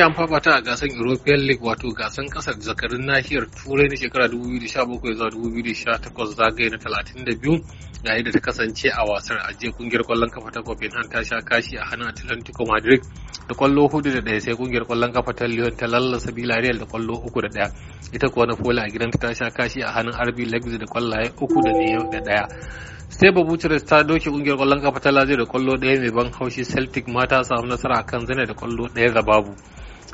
an fafata a gasar European League wato gasar kasar zakarin nahiyar Turai na shekara 2017 zuwa 2018 zagaye na 32 yayin da ta kasance a wasar ajiye kungiyar kwallon kafa ta Copenhagen ta sha kashi a hannun Atlantico Madrid da kwallo hudu da ɗaya sai kungiyar kwallon kafa ta Lyon ta lallasa Villarreal da kwallo uku da ɗaya ita kuwa na Fola a gidanta ta sha kashi a hannun RB Leipzig da kwallaye uku da da ɗaya sai babucires ta doke kungiyar kwallon kafa ta lazio da kwallo ɗaya mai ban haushi celtic mata samu nasara kan zane da kwallo ɗaya da babu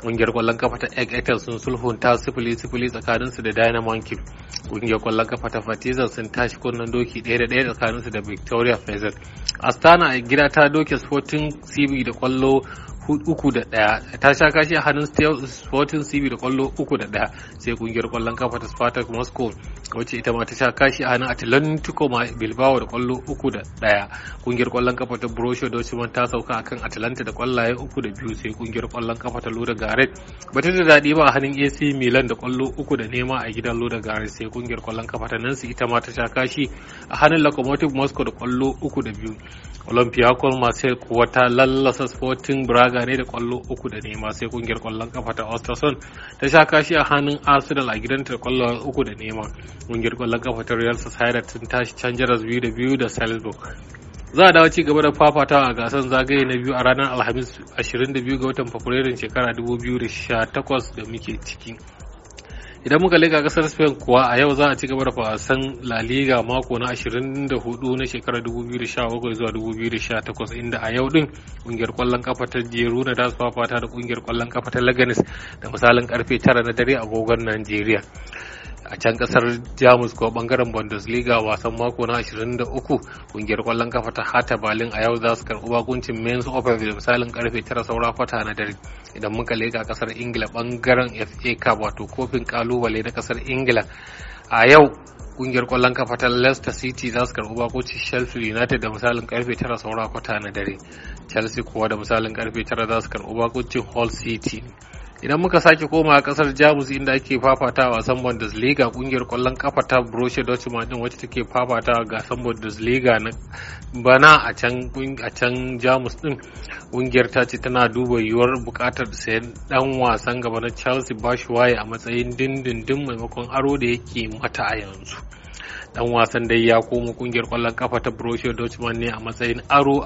ƙungiyar kwallon kafa ta Etel sun sulhunta sifili sifili tsakanin su da Dynamo ƙungiyar kwallon kafa ta Partizan sun tashi kunnen doki ɗaya da ɗaya tsakanin su da Victoria Pleasant Astana a gida ta doke Sporting CB da kwallo uku da ɗaya ta sha kashi a hannun sporting cb da kwallo uku da ɗaya sai kungiyar kwallon kafa ta spartak moscow wacce ita ma ta sha kashi a hannun atlantico bilbao da kwallo uku da ɗaya kungiyar kwallon kafa ta borussia dortmund ta sauka akan atlanta da kwallaye uku da biyu sai kungiyar kwallon kafa ta loda garet ba ta da daɗi ba a hannun ac milan da kwallo uku da nema a gidan loda garet sai kungiyar kwallon kafa ta nancy ita ma ta sha kashi a hannun locomotive moscow da kwallo uku da biyu olympiacos marseille kuwa ta lallasa sporting braga taga da kwallo uku da nema sai kungiyar kwallon kafa ta Osterson ta sha kashi a hannun Arsenal a gidan ta kwallo uku da nema kungiyar kwallon kafa ta Real Sociedad tun tashi can jaras biyu da biyu da Salzburg za a dawo ci gaba da fafatawa a gasar zagaye na biyu a ranar alhamis 22 ga watan fabrairun shekara 2018 da muke ciki idan muka leka kasar spain kuwa a yau za a ci gaba da fasan la liga mako na 24 na shekarar 2017 zuwa 2018 inda a yau din kungiyar kwallon kafa ta jeruna da su fafata da kungiyar kwallon kafa ta laganis da misalin karfe 9 na dare agogon najeriya a can kasar jamus ko bangaren bundesliga wasan mako na 23 kungiyar kwallon kafa ta hata balin a yau za su karbi bakuncin men's open da misalin karfe 9 saura kwata na dare idan muka leka kasar ingila bangaren fa cup wato kofin kalubale na kasar ingila a yau kungiyar kwallon kafa ta Leicester City za su karbi bakoci Sheffield United da misalin karfe 9 saura kwata na dare. Chelsea kuwa da misalin karfe 9 za su karbi bakoci Hull City. idan muka sake koma kasar jamus inda ake fafata a wasan bundesliga kungiyar kwallon kafa ta borussia dortmund din wacce take fafata san bundesliga na bana a can a can jamus din kungiyar ta ce tana duba yiwuwar bukatar sayan dan wasan gaba na chelsea waye a matsayin dindindin maimakon aro da yake mata a yanzu dan wasan dai ya komo kungiyar kwallon kafa ta Borussia Dortmund ne a matsayin aro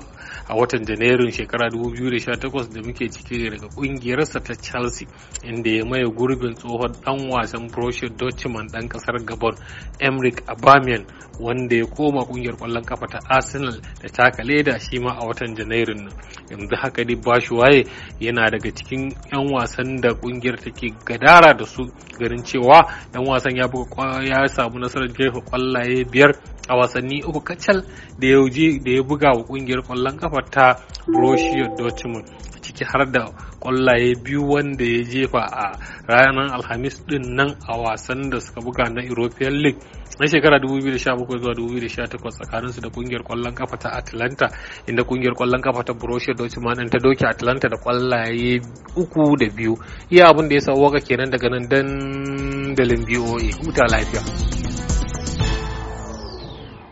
a watan Janairun shekara 2018 da muke ciki daga kungiyarsa ta Chelsea inda ya maye gurbin tsohon dan wasan Borussia Dortmund dan kasar Gabon Emric Aubameyang wanda ya koma kungiyar kwallon kafa ta Arsenal da taka leda shi ma a watan Janairun nan yanzu haka dai waye yana daga cikin 'yan wasan da kungiyar take gadara da su garin cewa dan wasan ya samu nasarar jefa kwallon kwallaye biyar a wasanni uku kacal da ya da ya buga wa kungiyar kwallon kafa ta Borussia Dortmund ciki har da kwallaye biyu wanda ya jefa a ranar Alhamis din nan a wasan da suka buga na European League na shekara 2017 zuwa 2018 tsakanin su da kungiyar kwallon kafa ta Atlanta inda kungiyar kwallon kafa ta Borussia Dortmund ta doke Atlanta da kwallaye uku da biyu iya abin da ya sa waka kenan daga nan dandalin BOA huta lafiya